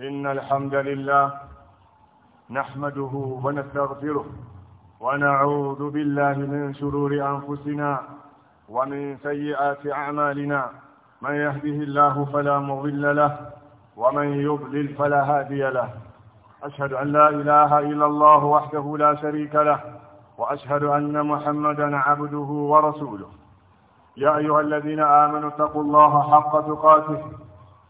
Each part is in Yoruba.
إن الحمد لله نحمده ونستغفره ونعوذ بالله من شرور أنفسنا ومن سيئات أعمالنا من يهده الله فلا مضل له ومن يضلل فلا هادي له أشهد أن لا إله إلا الله وحده لا شريك له وأشهد أن محمدا عبده ورسوله يا أيها الذين آمنوا اتقوا الله حق تقاته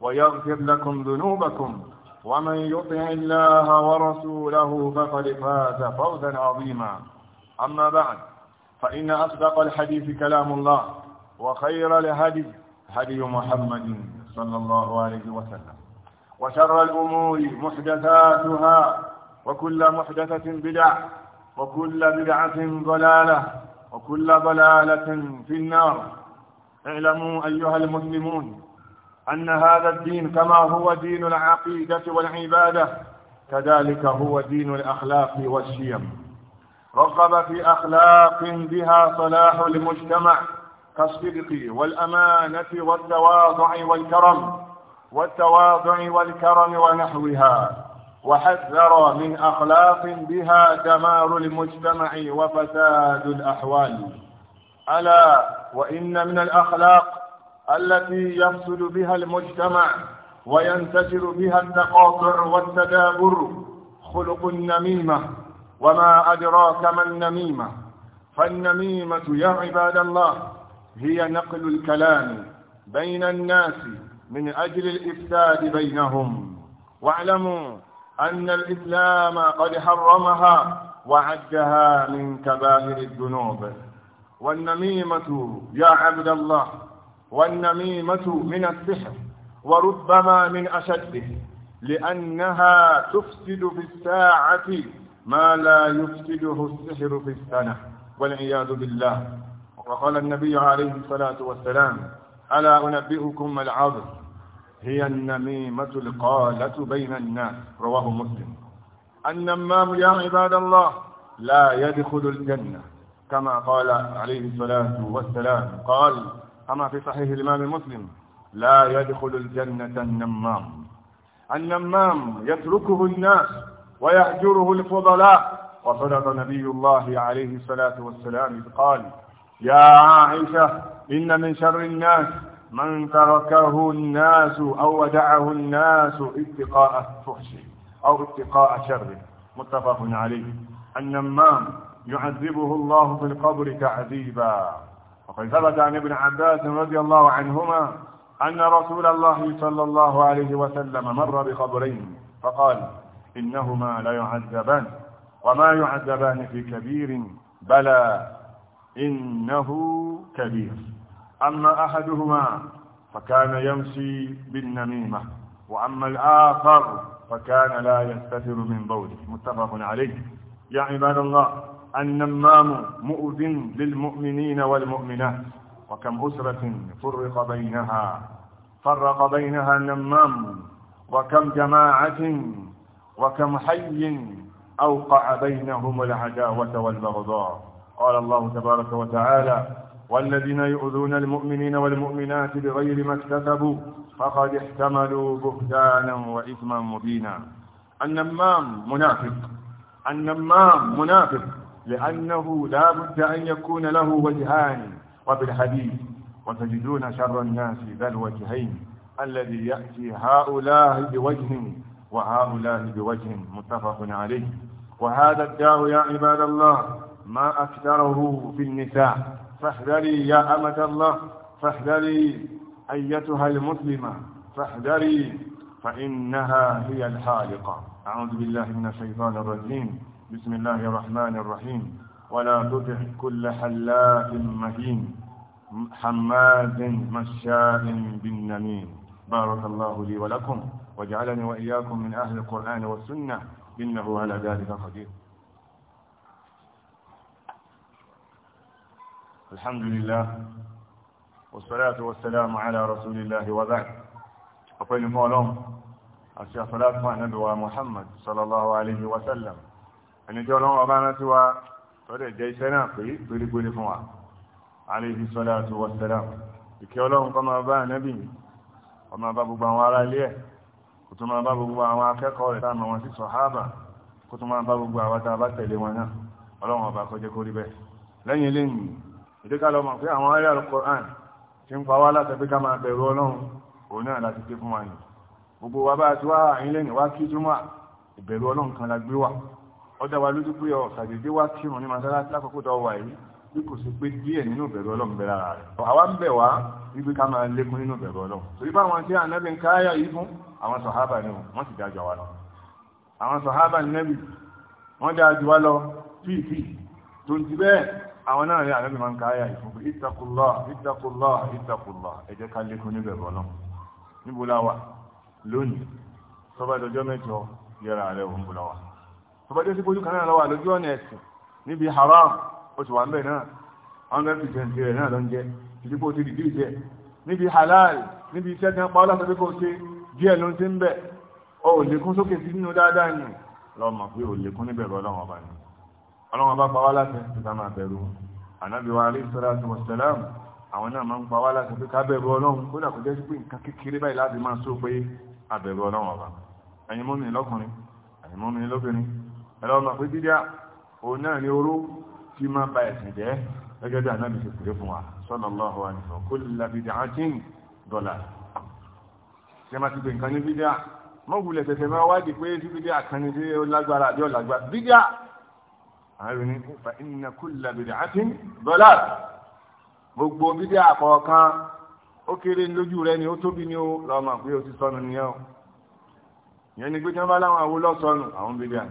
ويغفر لكم ذنوبكم ومن يطع الله ورسوله فقد فاز فوزا عظيما أما بعد فإن أصدق الحديث كلام الله وخير الهدي هدي محمد صلى الله عليه وسلم وشر الأمور محدثاتها وكل محدثة بدع وكل بدعة ضلالة وكل ضلالة في النار اعلموا أيها المسلمون أن هذا الدين كما هو دين العقيدة والعبادة كذلك هو دين الأخلاق والشيم رغب في أخلاق بها صلاح المجتمع كالصدق والأمانة والتواضع والكرم والتواضع والكرم ونحوها وحذر من أخلاق بها دمار المجتمع وفساد الأحوال ألا وإن من الأخلاق التي يفسد بها المجتمع وينتشر بها التقاطع والتدابر خلق النميمة وما أدراك ما النميمة فالنميمة يا عباد الله هي نقل الكلام بين الناس من أجل الإفساد بينهم واعلموا أن الإسلام قد حرمها وعدها من كبائر الذنوب والنميمة يا عبد الله والنميمة من السحر وربما من أشده لأنها تفسد في الساعة ما لا يفسده السحر في السنة والعياذ بالله وقال النبي عليه الصلاة والسلام ألا أنبئكم العظم هي النميمة القالة بين الناس رواه مسلم النمام يا عباد الله لا يدخل الجنة كما قال عليه الصلاة والسلام قال كما في صحيح الإمام مسلم لا يدخل الجنة النمام النمام يتركه الناس ويهجره الفضلاء وصدق نبي الله عليه الصلاة والسلام قال يا عائشة إن من شر الناس من تركه الناس أو ودعه الناس اتقاء فحشه أو اتقاء شره متفق عليه النمام يعذبه الله في القبر تعذيبا وقد ثبت عن ابن عباس رضي الله عنهما أن رسول الله صلى الله عليه وسلم مر بقبرين فقال إنهما لا يعذبان وما يعذبان في كبير بلى إنه كبير أما أحدهما فكان يمشي بالنميمة وأما الآخر فكان لا يستتر من بوله متفق عليه يا عباد الله النمام مؤذن للمؤمنين والمؤمنات وكم أسرة فرق بينها فرق بينها النمام وكم جماعة وكم حي أوقع بينهم العداوة والبغضاء قال الله تبارك وتعالى والذين يؤذون المؤمنين والمؤمنات بغير ما اكتسبوا فقد احتملوا بهتانا وإثما مبينا النمام منافق النمام منافق لأنه لا بد أن يكون له وجهان وفي الحديث وتجدون شر الناس ذا الوجهين الذي يأتي هؤلاء بوجه وهؤلاء بوجه متفق عليه وهذا الداء يا عباد الله ما أكثره في النساء فاحذري يا أمة الله فاحذري أيتها المسلمة فاحذري فإنها هي الحالقة أعوذ بالله من الشيطان الرجيم بسم الله الرحمن الرحيم ولا تطع كل حلاف مهين حماد مشاء بالنميم بارك الله لي ولكم وجعلني وإياكم من أهل القرآن والسنة إنه على ذلك قدير الحمد لله والصلاة والسلام على رسول الله وبعد أقول لكم أشياء صلاة مع نبوة محمد صلى الله عليه وسلم ẹni tí ọlọ́run ọba rántí wa tọ́dẹ̀ jẹ́ iṣẹ́ náà pé gbérígbérí fún wa alayhi salatu wassalam ìkẹ́ ọlọ́run kọ́ máa bá ànábì kọ́ máa bá gbogbo àwọn ará ilé ẹ̀ kó tó máa bá gbogbo àwọn akẹ́kọ̀ọ́ rẹ̀ táàmù wọn sí sọ̀háàbà kó tó máa bá gbogbo àwọn tá a bá tẹ̀lé wọn náà ọlọ́run ọba kó jẹ́ kó rí bẹ́ẹ̀ lẹ́yìn ilé nì ìdíkàlọ́ mọ̀ pé àwọn ayé alukoran ti ń pa wá láti pé wa ọdá wa lójú pé ọ̀sàdédé wá kírun ní masalasi lákòókò tó wà yìí bí kò sí pé díẹ̀ nínú bẹ̀rù ọlọ́run bẹ̀rẹ̀ ara rẹ̀ àwa ń bẹ̀ wá wípé ká máa lékún nínú bẹ̀rù ọlọ́run torí bá àwọn tí ànábì ń káyà yìí fún àwọn sọ̀hábà ni wọ́n sì dájú wa lọ àwọn sọ̀hábà nẹ́bì wọ́n dájú wa lọ fífì tó ti bẹ́ẹ̀ àwọn náà rí ànábì máa ń káyà yìí fún pé ittaqullah ittaqullah ittaqullah ká lékún ní bẹ̀rù ọlọ́run níbo la wà lónìí tọ́bàdọjọ́ mẹ́jọ yẹra rẹ̀ òun bùlọ́wà tó bá jẹ́ sí bójú kan náà lọ́wọ́ lójú ọ̀nà ẹ̀sìn níbi haram ó ti wà ń bẹ̀ náà hundred percent rẹ̀ náà ló ń jẹ́ títí kó dìdí ìjẹ́ níbi halal níbi iṣẹ́ tí wọ́n pa ọlọ́sọ pé kó ṣe díẹ̀ ló ń ti ń ni lọ́mọ pé ò lékún níbẹ̀ rọ ọlọ́wọ́n ọba ni ọlọ́wọ́n bá pa wá láti ẹ̀sìn ká máa bẹ̀rù ànábì wa alayhi salatu wassalam àwọn náà máa ń pa wá láti pé ká bẹ̀rù ọlọ́run kódà kó jẹ́ sí pé lọ́kùnrin ẹ̀yin mọ́mìnì lóbìnrin ẹ̀rọ ọmọ pé dídá òun náà ní oró tí máa ba ẹ̀sìn jẹ́ gẹ́gẹ́ bí ànábì ṣe pè fún wa sallallahu alaihi wasallam kullu bid'atin dọ̀là ṣe máa ti pè nǹkan ní bídá mọ́gùlẹ̀ tẹ̀tẹ̀ máa wádìí pé sí bídá kan ní sí ó lágbára àbí ọ̀làgbà bídá àwọn ènìyàn bá láwọn àwo àwọn bídá ni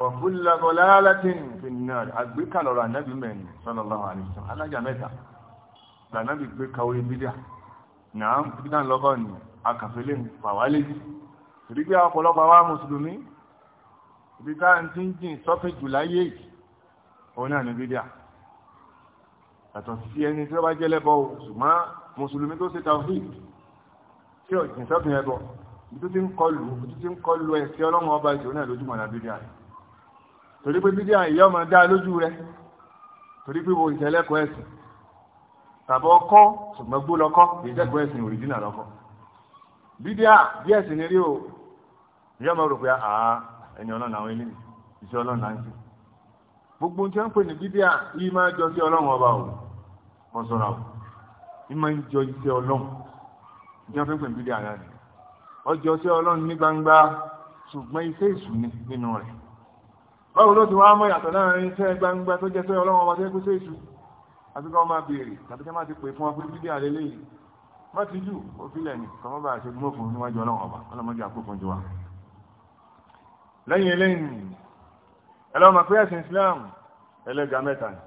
وكل ضلالة في النار أقبك لرى النبي من صلى الله عليه وسلم على جميعا لنبي قبك ويبدع نعم بدان لغاني أكفلين فوالد rígbé ọ̀pọ̀lọpọ̀ àwọn mùsùlùmí ibi táà ń tí ń jìn sọ́fẹ́ jùláyé òun náà ní bídíà àtọ̀ sí ẹni tí ó bá jẹ́ lẹ́bọ̀ ṣùgbọ́n mùsùlùmí tó ṣe tàwí tí ọ̀jìn sọ́fẹ́ ẹbọ torí pé a ìyá ọmọ dá lójú rẹ torí pé wo ìtẹ́lẹ́kọ̀ọ́ ẹ̀sìn tàbí ọkọ́ lọ́kọ́ ìtẹ́kọ̀ọ́ ẹ̀sìn lọ́kọ́ bí ẹ̀sìn rí o ìyá ọmọ rò pé àá ẹni ọlọ́run àwọn eléyìí iṣẹ́ ọlọ́run láǹtì gbogbo tí wọ́n pè ní bídíà yìí máa jọ ọba o wọ́n sọ̀rọ̀ o yìí máa ń jọ iṣẹ́ ọlọ́run ṣùgbọ́n iṣẹ́ nínú rẹ̀ báwo ló ti wá mọ́ yàtọ̀ láàrin iṣẹ́ gbangba tó jẹ́ sẹ́ ọlọ́wọ́ ọmọ tẹ́kú sí èṣù àti kọ́ máa bèèrè tàbí kẹ́ máa ti pè fún ọkùnrin bíbí àlẹ́ lẹ́yìn má ti jù ó fílẹ̀ ní kọ́mọ́ bá ṣe gbọ́ fún níwájú ọlọ́wọ́ ọba ọlọ́mọdé àkókò jù wa. lẹ́yìn lẹ́yìn ẹlọ́mọ pé ẹ̀sìn Islam ẹlẹ́gà mẹ́ta ni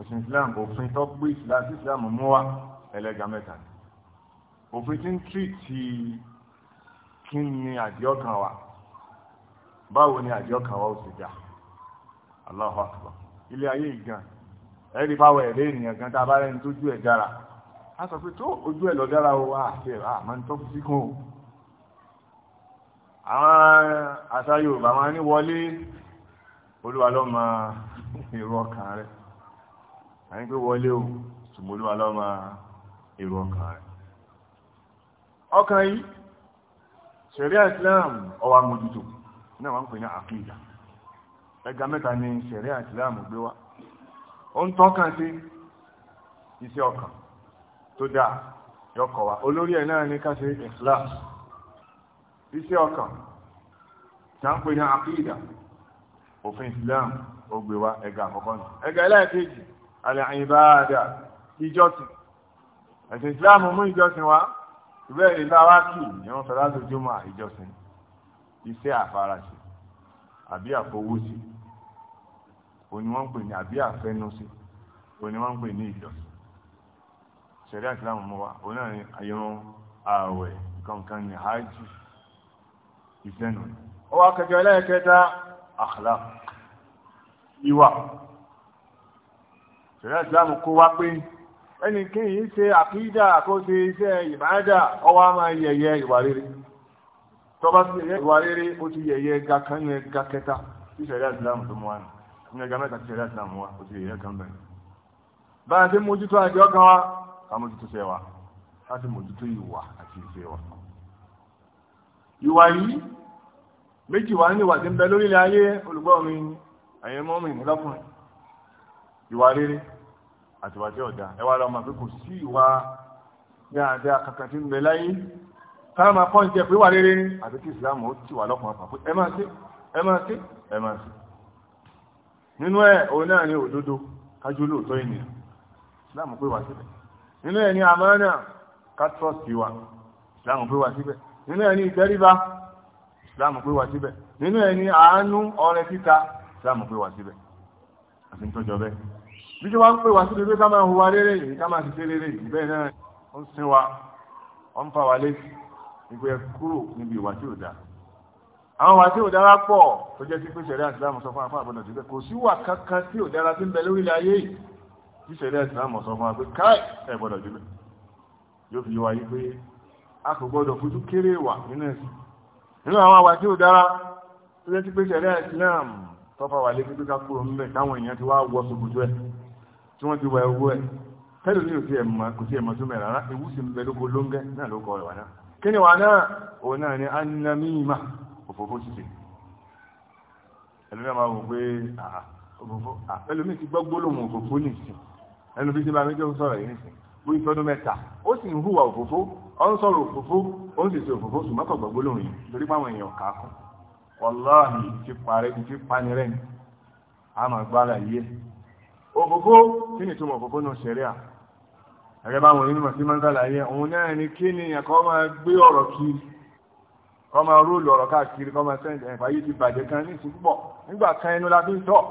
ẹ̀sìn Islam òfin tó gbé Islam sí Islam mú wa ẹlẹ́gà mẹ́ta ni òfin tí ń tírì ti kí ni àdìọ́kan wa báwo ni àjọ kan wá ó sì já Allahu Akbar ilé ayé ìgan ẹ̀rí báwọ̀ ẹ̀rẹ́ ènìyàn gan tá a bá rẹni tójú ẹ̀ dára a sọ pé tó ojú ẹ̀ lọ dára o wá àti ẹ̀rọ àmọ́ ní tọ́kù sí kan o àwọn àṣà Yorùbá máa ní wọlé olúwa ló mọ èrò ọkàn rẹ̀ àní pé wọlé o ṣùgbọ́n olúwa ló mọ èrò ọkàn rẹ̀ ọkàn yìí ṣẹ̀ríà Islam ọwà mójútó náà wọ́n ń pè ní àkídà ẹ̀ka mẹ́ta ni àti ìsìláàmù gbé wá ó ń tọ́ka sí iṣẹ́ ọkàn tó dáa yọkọ̀ wá olórí ẹ̀ náà ní ká islam iṣẹ́ ọkàn tá ń pè ní àkídà òfin islam ó gbé wá ẹ̀ka àkọ́kọ́ náà ẹ̀ka ẹlẹ́ẹ̀kejì alẹ́ àyìnbáadà ìjọsìn ẹ̀sìn islam mú ìjọsìn wá iṣẹ́ àfarasí àbí àfowósí òní wọ́n ń pè ní àbí àfẹnusí òní wọ́n ń pè ní ìjọsìn ṣẹ̀rí àtìláàmù mọ́ wa òní àrin àyẹ̀rọ ààwẹ̀ kankan ní hajj ìsẹ́nu ó wá kẹjọ ẹlẹ́ẹ̀kẹta àkàlà ìwà ṣẹ̀rí àtìláàmù kó wá pé ẹnì kí yìí ṣe àkídà kó ṣe iṣẹ́ ìbádà ọwọ́ máa yẹ̀yẹ ìwà rere tọ́ba sí ẹ̀yẹ ìwà rere ó ti yẹ̀yẹ ẹga kan yẹn ẹga kẹta tí sẹ̀ríà ìsìlámù tó mú wa ní ẹga mẹ́ta tí sẹ̀ríà ìsìlámù wa ó ti yẹ̀yẹ kan bẹ̀rẹ̀ bá a ti mójútó àjọ kan wa ká mójútó sẹ́ wa ká sì mójútó ìwà àti ìṣe wa ìwà yìí méjì wà ní ìwà tí ń bẹ lórílẹ̀ ayé olùgbọ́ mi ẹ̀yẹ mọ́mí lọ́kùnrin ìwà rere àti ìwà tí ọ̀dà ẹwà lọ́mọ pé kò sí ìwà dáadáa kankan tí ń bẹ láyé káà máa kọ́ ìjẹ pé wà rere ní àti kí ìsìlámù ó ti wà lọ́kàn ọkàn pé ẹ máa ṣe ẹ máa ṣe ẹ máa ṣe nínú ẹ̀ òun náà ní òdodo kájú lóòótọ́ ènìyàn ìsìlámù pé wà síbẹ̀ nínú ẹ̀ ní àmánà ká trọ́ọ̀sì wa ìsìlámù pé wà síbẹ̀ nínú ẹ̀ ní ìtẹríba ìsìlámù pé wà síbẹ̀ nínú ẹ̀ ní àánú ọrẹ títa ìsìlámù pé wà síbẹ̀ àti ń tọ́jọ bẹ́ẹ̀ bí tí wọ́n ń pè wá síbi pé ká máa hùwà rere yìí ká máa ṣiṣẹ́ rere yìí bẹ́ẹ̀ náà ó ń sin wa ó ń fa wa létí ìgbẹ́ kúrò níbi ìwà tí ò dáa àwọn wà tí ò dára pọ̀ tó jẹ́ sí pé ṣẹ̀rẹ́ àtìlámù sọ fún apá àbọ̀nà tí kò sí wà kankan tí ò dára tí ń bẹ lórí ilẹ̀ ayé yìí tí ṣẹ̀rẹ́ àtìlámù sọ fún apá káì ẹ̀bọ̀nà jùlọ yóò fi wáyé pé a kò gbọ́dọ̀ fojú kéré wà nínú ẹ̀sìn nínú àwọn àwà tí ò dára tó jẹ́ sí pé ṣẹ̀rẹ́ àtìlámù tọ́fà wà lé pípé ká kúrò ń táwọn èèyàn ti wá wọ ṣòkòtò ẹ̀ tí wọ́n ti wọ ẹwọ́ ẹ̀ tẹ́lẹ̀ ní òsì ẹ̀mọ́ kò sí ẹ̀mọ́ tó mẹ́ra rárá ewu ń bẹ lóko lóńgẹ́ náà lóko ẹ̀wà náà kí ni wà náà ni annamima òfófó títì ẹlùmí àwọn òpé òfófó ẹlùmí ti gbọ́gbó lòun ti bá mi jẹ́ sọ̀rọ̀ yìí nìsín bó ń tọ́dún mẹ́ta ó sì ń hùwà òfófó ó ń sọ̀rọ̀ ofofo ó ń ofofo òfófó sùmọ́kọ̀ gbọ́gbó lòun yìí torí pàwọn èèyàn kà á kún wọláhì ti parẹ́ ti pani a máa gbára yìí ofofo kí ni náà ṣẹlẹ̀ ẹ̀rẹ́ bá wọn onímọ̀ sí máa ń sàlàyé òun náà ni kí ni ẹ̀kọ́ máa gbé ọ̀rọ̀ kiri kọ́ máa róòlù ọ̀rọ̀ káàkiri kọ́ máa sẹ́ǹdì ẹ̀fà yìí ti bàjẹ́ kan ní ìsìn púpọ̀ nígbà kan ẹnu la fi ń tọ̀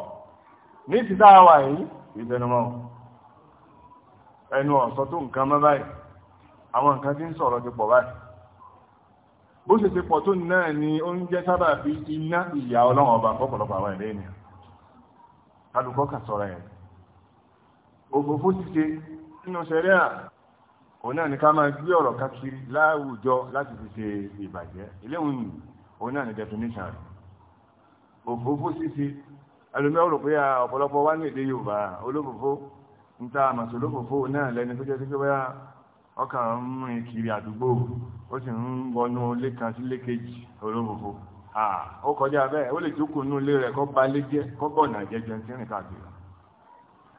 ní ti tá a wà yìí ìbẹnumọ́ ẹnu ọ̀sọ́ tó nǹkan mọ́ báyìí àwọn nǹkan tí ń sọ̀rọ̀ ti pọ̀ báyìí bó ṣe ti pọ̀ tó náà ni ó ń jẹ́ sábà bí iná ìyà ọlọ́run ọba fọ́pọ̀lọpọ̀ àwọn ẹ̀lẹ́ ènìyàn kálukọ́ kà sọ̀rọ̀ yẹn òfófó ti ṣe nínú ṣẹ̀ríà òun náà ni ká máa gbé ọ̀rọ̀ kákiri láwùjọ láti fi ṣe ìbàjẹ́ eléwùn òun náà ni definition òfófó ṣíṣe ẹlòmí ọ̀rọ̀ pé ọ̀pọ̀lọpọ̀ wá ní èdè Yorùbá olófófó ń ta náà lẹ́ni tó jẹ́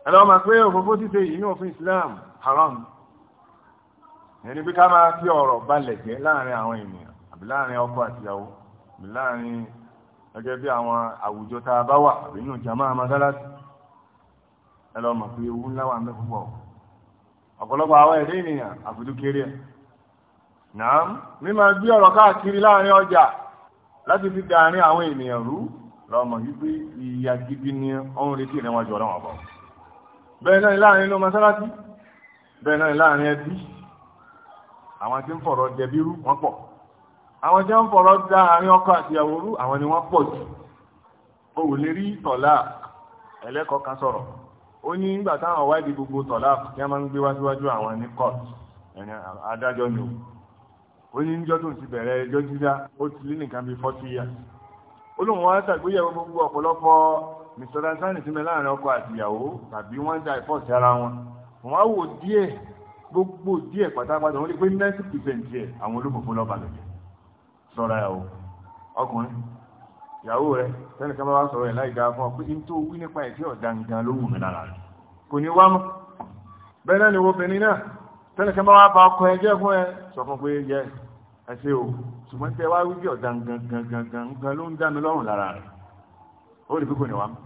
ẹlọ́wọ́ máa pé òfófó títẹ inú òfin Islam haram ẹni pé ká máa fi ọ̀rọ̀ balẹ̀ jẹ́ láàrin àwọn ènìyàn àbí láàrin ọkọ àtìyàwó àbí láàrin gẹ́gẹ́ bí àwọn àwùjọ tá a bá wà àbí inú ìjà máa máa dálásì ẹlọ́wọ́ máa pé ewu ńlá wà mẹ́ púpọ̀ ọ̀pọ̀lọpọ̀ àwọn ẹ̀dẹ́ ènìyàn àbùdú kéré ẹ̀ náà mi máa gbé ọ̀rọ̀ káàkiri láàrin ọjà láti fi dàárín àwọn ènìyàn rú lọ́mọ yìí pé ìyà gidi ni ó ń retí ìrìnwájú ọlọ́wọ̀n bọ̀ bẹ́ẹ̀ náà láàrin inú mọ́sálásí bẹ́ẹ̀ náà láàrin ẹbí àwọn tí ń fọ̀rọ̀ jẹbí rú wọ́n pọ̀ àwọn tí ń fọ̀rọ̀ dá àárín ọkọ àti ìyàwó rú àwọn ni wọ́n pọ̀ jù o ò lè rí tọ̀lá ẹlẹ́kọ̀ọ́ kan sọ̀rọ̀ ó ní nígbà táwọn wáìdì forty years ó lóun wá ṣàgbéyẹ̀wò mr dansani ti mẹ láàrin ọkọ àti ìyàwó tàbí wọ́n dá ìfọ́ọ̀sì ara wọn wọ́n á wò díẹ̀ gbogbo díẹ̀ pátápátá wọ́n lè pé 90% díẹ̀ àwọn olófòfó lọ́ba lọ́jẹ́ sọ́ra ìyàwó ọkùnrin ìyàwó rẹ tẹ́lẹ̀ kan bá wá sọ̀rọ̀ ẹ̀ láì dáa fún ọ pé n tó wí nípa ẹ̀ tí ọ̀dà ń gan ló wù mí lára rẹ̀ kò ní wá mọ́ bẹ́ẹ̀ náà ni wo obìnrin náà tẹ́lẹ̀ kan bá wá ba ọkọ ẹjẹ́ fún ẹ sọ fún pé yẹ ẹ ṣe o ṣùgbọ́n tẹ wá wí bí ọ̀dà ń gan gan ló ń dá mi lọ́rùn lára rẹ̀ ó rí pé kò ní wá mọ́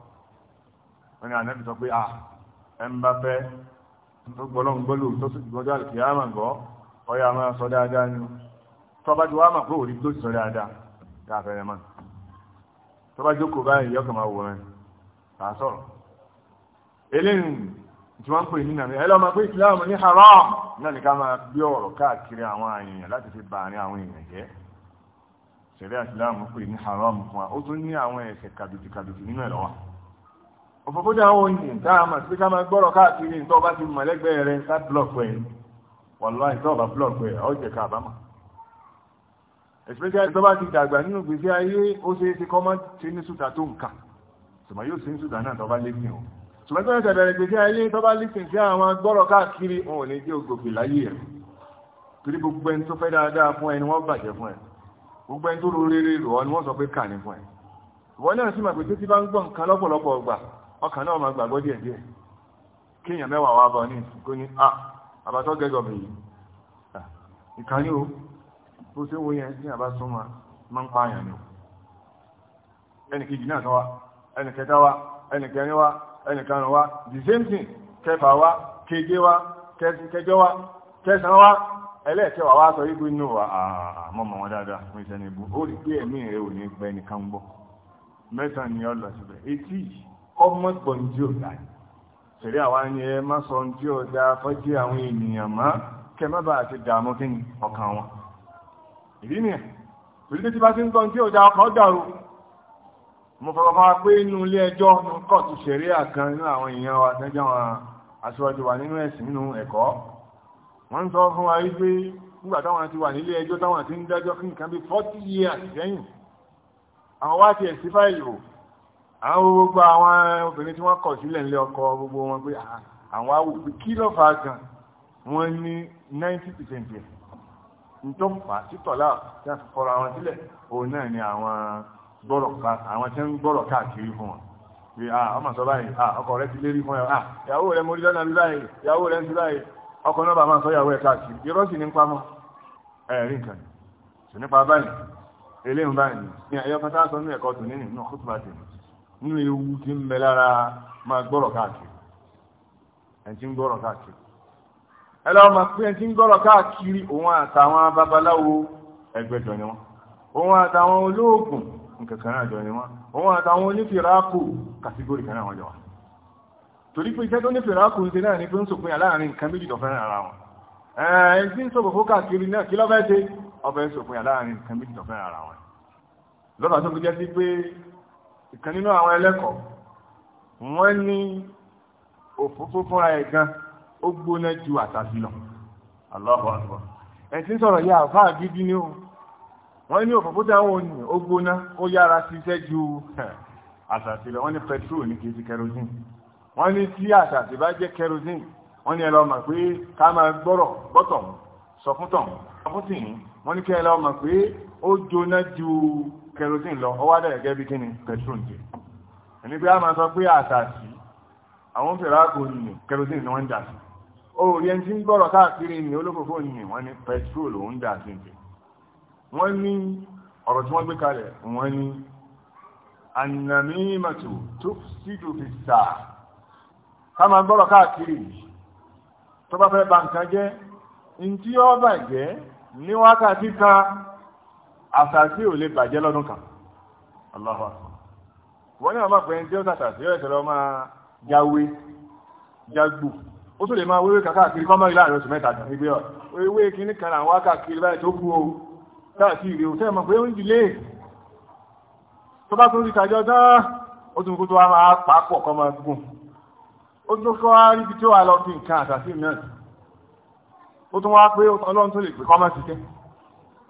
wọ́n ni ànábì sọ pé à ẹ fẹ́ tó gbọ́lọ́ ń gbọ́lù tó sì gbọ́jọ́ àmà gọ́ máa sọ dáadáa ni mà pé tó sì sọ dáadáa mọ́ máa sọ̀rọ̀ eléyìí tí wọ́n ń pè ní nàmi pé ní haram náà ní ká máa gbé ọ̀rọ̀ káàkiri àwọn èèyàn láti fi ní àwọn èèyàn òfófó jà wọ́n yìí tá a mọ̀ sí ká máa gbọ́rọ̀ káàkiri tó bá ti mọ̀ lẹ́gbẹ̀ẹ́ rẹ ká blọọkù ẹ̀ wàláì tó bá blọọkù ẹ̀ ọ́ jẹ ká àbámọ̀ especially tó bá ti dàgbà nínú gbèsè ayé ó ṣe é ti kọ́mọ́ ṣe ní sùtà tó ń kà ṣùgbọ́n yóò ṣe ní sùtà náà tó bá lé fihàn ṣùgbọ́n tó ń ṣẹ̀bẹ̀rẹ̀ gbèsè ayé tó bá lísìn sí àwọn gbọ́rọ̀ káàkiri wọn ò ní jẹ́ ògòkè láyé ẹ̀ torí gbogbo ẹni tó fẹ́ dáadáa fún ẹni wọ́n bàjẹ́ fún ẹ gbogbo ẹni tó rú rere rọ̀ ni wọ́n sọ pé kà ní fún ẹ ìwọ náà sì mọ̀ pé tó ti bá ń gbọ́ nǹkan lọ́pọ̀lọpọ̀ ọgbà ọkàn náà máa gbàgbọ́ díẹ̀ díẹ̀ kí èèyàn mẹ́wàá wá bọ̀ ní ìsìnkú ní à ah, àbátọ́ gẹ́gọ̀ ah, ìkàní o bó ṣe ń wo ní àbá súnmọ́ máa ń pa àyàn ni ẹnì náà wá wá wá the same thing kẹfà wá wá kẹjọ wá kẹsàn wá wá sọ inú wa àmọ́mọ́ wọn dáadáa fún ìṣẹ́ni ibu ó rí pé ẹ̀mí rẹ̀ ò ní pẹ́ nìkan ń bọ̀ ni ọmọ pọ̀njú ọ̀dá ṣeré àwa ni ẹ má sọ tí ó dá fọ́jú àwọn ènìyàn má kẹ má bàá ti dààmú kí ni ọkàn wọn ìdí ni ẹ̀ torí tí bá ti ń gbọ́n tí ó dá ọkàn dàrú mo fọ̀rọ̀ fún wa pé inú ilé ẹjọ́ ní kọ́ọ̀tù ṣeré àkan nínú àwọn èèyàn wa tẹ́jọ́ wọn aṣíwájú wa nínú ẹ̀sìn nínú ẹ̀kọ́ wọ́n ń wá ti ẹ̀sí fáìlì àwọn gbogbo àwọn obìnrin tí wọ́n kọ̀ sílẹ̀ nílé ọkọ gbogbo wọn pé ah, àwọn awò pé kí ló fà á gan wọ́n ní 90 percent yẹn tó fà á títọ̀lá tí a fi kọra wọn sílẹ̀ òun náà ni àwọn tí ń gbọ́rọ̀ káàkiri fún wọn pé ah, ọmọ sọ báyìí ah, ọkọ rẹ ti lérí fún ẹ ìyàwó rẹ mo rí lọ́nà bí báyìí ìyàwó rẹ ń sí báyìí ọkọ náà bàbá sọ ìyàwó ẹ káàkiri irọ́ sì ní pamọ́ ẹ̀rí nǹkan sì nípa báyìí eléyìí báyìí ní ayọ́kọ́tà sọ ní ẹ̀kọ́ tòní nínú kútùbà tèmi nínú ewu tí ń bẹ lára máa gbọ́rọ̀ káàkiri ẹni tí ń gbọ́rọ̀ káàkiri ẹ lọ́wọ́ máa pé ẹni tí ń gbọ́rọ̀ káàkiri òun àtàwọn babaláwo ẹgbẹ́jọ ni wọ́n òun àtàwọn olóògùn nǹkan kan náà jọ ni wọ́n òun àtàwọn onífìràkù kàtígórì kan náà wọ́n jọ wà torí pé iṣẹ́ tó nífìràkù ń ṣe náà ni pé ń sòpin àláàrin nǹkan méjì tó fẹ́ràn ara wọn ẹ̀ẹ́n tí ń sòfòfó káàkiri náà kí lọ́fẹ́ ṣe ọbẹ̀ ń sòpin àláàrin nǹkan méjì tó fẹ́ràn ara wọn lọ́dọ̀ tó jẹ́ sí pé ìkan nínú àwọn ẹlẹ́kọ̀ọ́ wọ́n ní òfófó fúnra ẹ̀ gan ó gbóná ju àtàfi lọ Allahu Akbar ẹ̀sìn sọ̀rọ̀ yá àfáà gidi ni ó wọ́n ní òfófó táwọn òní ó gbóná ó yára ṣiṣẹ́ ju àtàfi lọ wọ́n ní petrol ní kìí sí kerosene wọ́n ní tí àtàfi bá jẹ́ kerosene wọ́n ní ẹ lọ mọ̀ pé ká máa gbọ́rọ̀ gbọ́tọ̀ sọ fún tọ̀ fún tìyín wọ́n ní kí ẹ lọ mọ̀ pé ó jóná ju kerosene lọ ọwọ́ adẹ̀ ebe bí kíni petrol jẹ ẹni pé a máa sọ pé àtàṣì àwọn fẹ̀ràkù ni kerosene ni ń dà sí tí ń gbọ́rọ̀ káàkiri wọ́n petrol dà sí wọ́n ní ọ̀rọ̀ tí wọ́n gbé kalẹ̀ wọ́n tó fi ká máa gbọ́rọ̀ káàkiri tó bá fẹ́ nǹkan àṣàṣì ò lè bàjẹ́ lọ́dún kan Allahu Akbar wọ́n ní àwọn máa pẹ̀lú tí ó sàṣàṣì ó ẹ̀sẹ̀ lọ máa jáwé jágbù ó tún lè máa wéwé kàkàkiri kọ́mọ́rí láàrin oṣù mẹ́ta tàbí gbé ọ̀ wéwé kíní kan àwọn akàkiri báyìí tó kú o káàkiri ò sẹ́mọ̀ pé ó ń dìlé tó bá tún rí wá pé ọlọ́run tó lè pè kọ́ máa kẹ́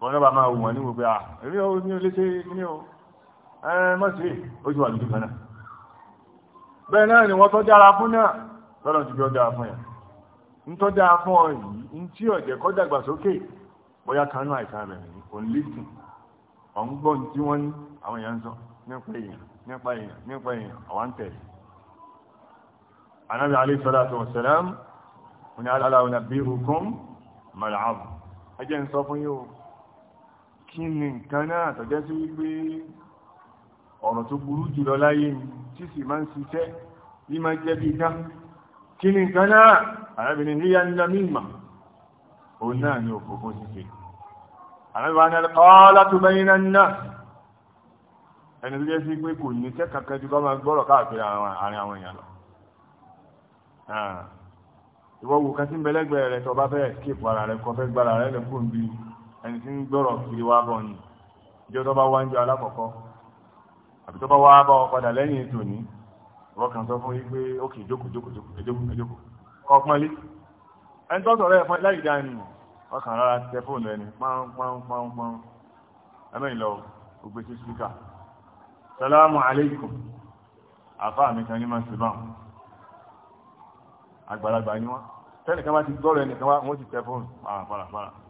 wọn náà bá máa wù wọn ní gbogbo à èmi ò ní olè ṣe ní o ẹ mọ̀ sí ojú wà kan náà bẹ́ẹ̀ náà ni wọ́n tọ́ dára fún náà lọ́dọ̀ ti bí ọ dára fún yẹn ń tọ́ dára fún ọ yìí ń tí ọ̀jẹ̀ kọ́ dàgbàsókè bóyá kanú àìsàn rẹ̀ ní òǹlẹ́sìn ọ̀ǹgbọ́n tí wọ́n ní àwọn èèyàn sọ nípa èèyàn nípa èèyàn nípa èèyàn àwọn ń tẹ̀lé anábì alayhi salatu wa salam ní aláwọ̀ nàbí hukum mọ̀lá ẹjẹ́ ń sọ fún yóò kí ni nǹkan náà tọ́jẹ́ sí wípé ọ̀rọ̀ tó burú jùlọ láyé tí sì máa ń ṣiṣẹ́ bí máa jẹ́ bí ká kí ni nǹkan náà arábìnrin níyà ńlá mímà òun náà ni òfófó ṣiṣẹ́ arábìnrin alẹ́kọ́ látúbẹ̀yìn náà ẹni tó jẹ́ sí pé kò ní iṣẹ́ kankan jù kọ́ máa gbọ́rọ̀ káàkiri àárín àwọn èèyàn lọ ìwọ wò kan sí mbẹ́lẹ́gbẹ̀ẹ́ rẹ̀ tó bá fẹ́ kéèpù ara rẹ̀ kò fẹ́ gbára rẹ̀ lẹ́kùn bíi ẹni tí ń gbọ́rọ̀ kiri wá bọ̀ ni ìjọ tó bá wá ń jọ alákọ̀ọ́kọ́ àbí tó bá wá bá ọ padà lẹ́yìn ètò ní wọ́kàn sọ fún yí pé ókè jókòó jókòó jókòó jókòó kọ́ pọ́nlé ẹni tó sọ̀rọ̀ ẹ̀fọn láì dá ni ọkàn rárá tẹ fóònù ẹni pánpánpánpán ẹmẹ́yìn lọ ògbé sí síkà salamu aleikum àfáà mi kan ní máa ń sèbá àgbàlagbà ni wọ́n tẹ́nìkan bá ti gbọ́rọ̀ ẹnìkan wọ́n ti tẹ fóònù pàràpàrà ah,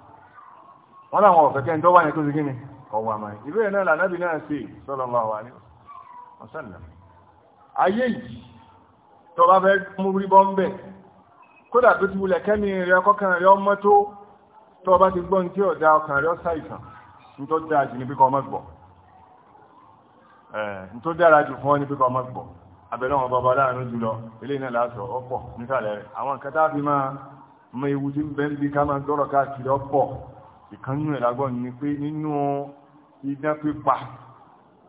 wọ́n láwọn ọ̀fẹ́ kẹ́ ń tọ́wà ní tó ti gíní ọwà máa ìbẹ̀rẹ̀ náà lànàbì náà sí sallallahu alaihi wasallam ayé yìí tó bá fẹ́ mú rí bọ́m̀bẹ̀ kódà tó ti wulẹ̀ kẹ́mi rẹ ọkọ̀kan rẹ ọmọ tó tó bá ti gbọ́n tí ọ̀dá ọkàn rẹ ṣàìsàn ní tó dára jù ní pípa ọmọ gbọ̀ ní tó dára jù fún ọ ní pípa ọmọ ìkànnú ìlàgbọ́ ni pé nínú idán pípa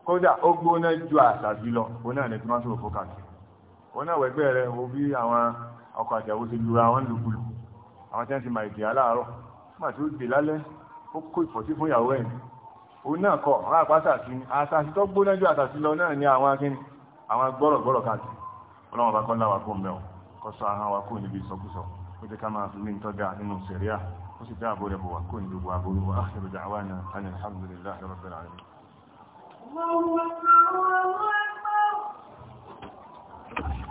kódà ó gbóná ju àṣàbí lọ òun náà ní tí wọ́n sọ̀rọ̀ fókàsì òun náà wẹ̀gbẹ́ rẹ̀ wo bí àwọn ọkọ̀ àjàwó ti lura wọn lùkulù àwọn tí wọ́n ti máa ìdè aláàárọ̀ nígbà tí ó dè lálẹ́ ó kó ìfọ̀tí fún ìyàwó ẹ̀ òun náà kọ̀ àwọn àpáṣà sí ni àṣàṣì tó gbóná ju àṣàṣì lọ náà ní àwọn akíní àwọn gbọ́rọ̀gbọ́rọ̀ káàkiri ọlọ́run bá kọ́ láwàá kó mẹ́ọ̀ kó sọ ahọ́n wa kó níbi ìsọkúsọ ó jẹ́ ká máa fi mí ń tọ́jà nínú وفي له وكن باب واخر دعوانا ان الحمد لله رب العالمين الله اكبر الله اكبر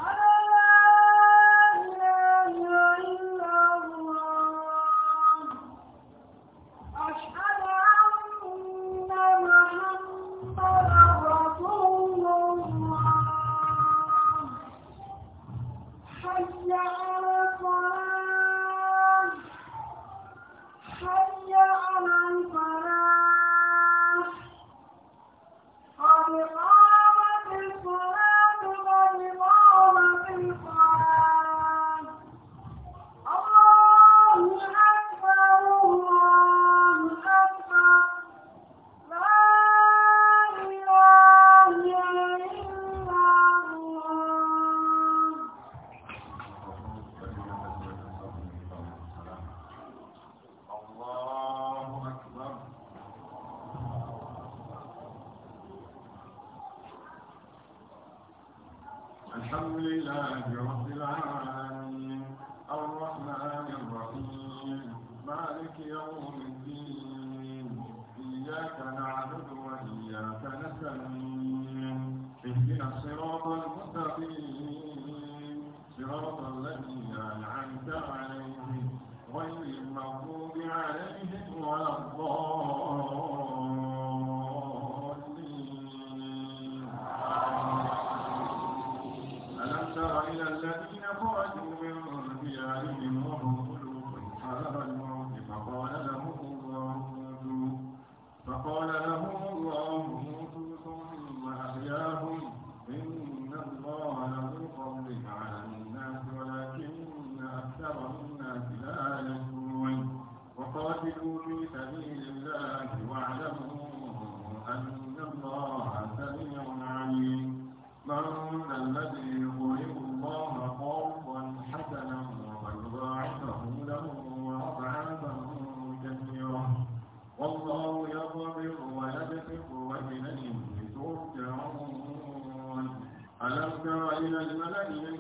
ألم تر إلى الملأ من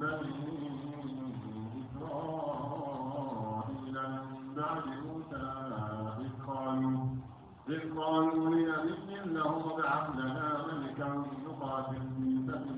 بني إسرائيل من بعد موسى إذ قالوا إذ لنبي لهم ابعث لنا ملكا يقاتل في سبيل